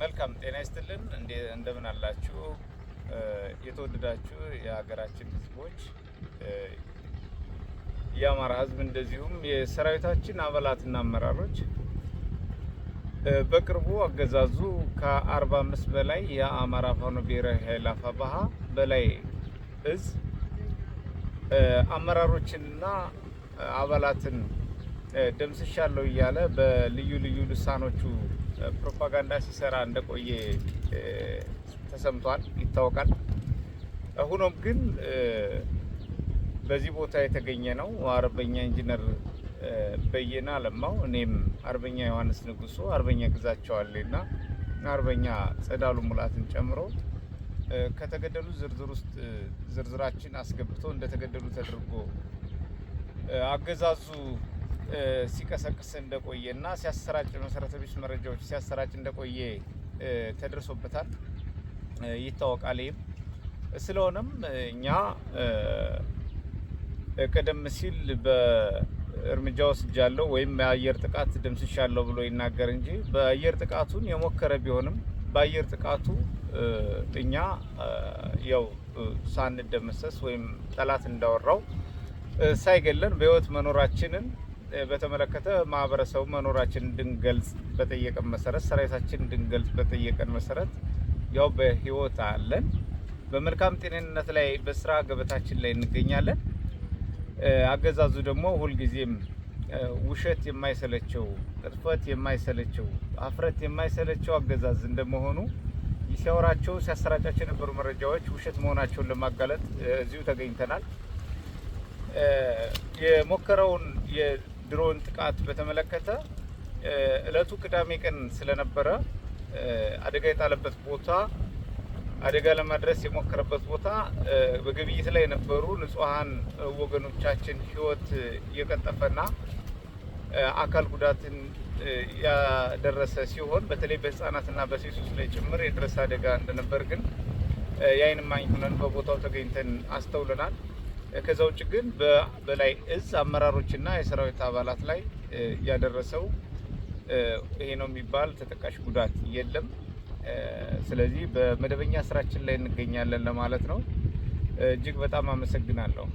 መልካም ጤና ይስጥልን። እንደምን አላችሁ? የተወደዳችሁ የሀገራችን ህዝቦች የአማራ ህዝብ እንደዚሁም የሰራዊታችን አባላትና አመራሮች በቅርቡ አገዛዙ ከ45 በላይ የአማራ ፋኖ ብሔራዊ ኃይል አፋባሀ በላይ እዝ አመራሮችንና አባላትን ደምስሻለሁ እያለ በልዩ ልዩ ልሳኖቹ ፕሮፓጋንዳ ሲሰራ እንደቆየ ተሰምቷል፣ ይታወቃል። ሆኖም ግን በዚህ ቦታ የተገኘ ነው አርበኛ ኢንጂነር በየነ አለማው፣ እኔም አርበኛ ዮሐንስ ንጉሱ፣ አርበኛ ግዛቸው አለና አርበኛ ጸዳሉ ሙላትን ጨምሮ ከተገደሉ ዝርዝር ውስጥ ዝርዝራችን አስገብቶ እንደተገደሉ ተደርጎ አገዛዙ ሲቀሰቅስ እንደቆየ እና ሲያሰራጭ መሰረተ ቢስ መረጃዎች ሲያሰራጭ እንደቆየ ተደርሶበታል ይታወቃል። ይህም ስለሆነም እኛ ቀደም ሲል በእርምጃ ወስጃለሁ ወይም የአየር ጥቃት ደምስሻለሁ ብሎ ይናገር እንጂ በአየር ጥቃቱን የሞከረ ቢሆንም በአየር ጥቃቱ እኛ ያው ሳንደመሰስ ወይም ጠላት እንዳወራው ሳይገለን በህይወት መኖራችንን በተመለከተ ማህበረሰቡ መኖራችን እንድንገልጽ በጠየቀን መሰረት ሰራዊታችን እንድንገልጽ በጠየቀን መሰረት ያው በህይወት አለን፣ በመልካም ጤንነት ላይ በስራ ገበታችን ላይ እንገኛለን። አገዛዙ ደግሞ ሁልጊዜም ውሸት የማይሰለቸው ቅጥፈት የማይሰለቸው አፍረት የማይሰለቸው አገዛዝ እንደመሆኑ ሲያወራቸው ሲያሰራጫቸው የነበሩ መረጃዎች ውሸት መሆናቸውን ለማጋለጥ እዚሁ ተገኝተናል። የሞከረውን ድሮን ጥቃት በተመለከተ እለቱ ቅዳሜ ቀን ስለነበረ አደጋ የጣለበት ቦታ አደጋ ለማድረስ የሞከረበት ቦታ በግብይት ላይ የነበሩ ንጹሐን ወገኖቻችን ህይወት የቀጠፈና አካል ጉዳትን ያደረሰ ሲሆን በተለይ በህፃናትና በሴቶች ላይ ጭምር የደረሰ አደጋ እንደነበር ግን የዓይን እማኝ ሆነን በቦታው ተገኝተን አስተውለናል። ከዛ ውጭ ግን በላይ እዝ አመራሮችና የሰራዊት አባላት ላይ ያደረሰው ይሄ ነው የሚባል ተጠቃሽ ጉዳት የለም። ስለዚህ በመደበኛ ስራችን ላይ እንገኛለን ለማለት ነው። እጅግ በጣም አመሰግናለሁ።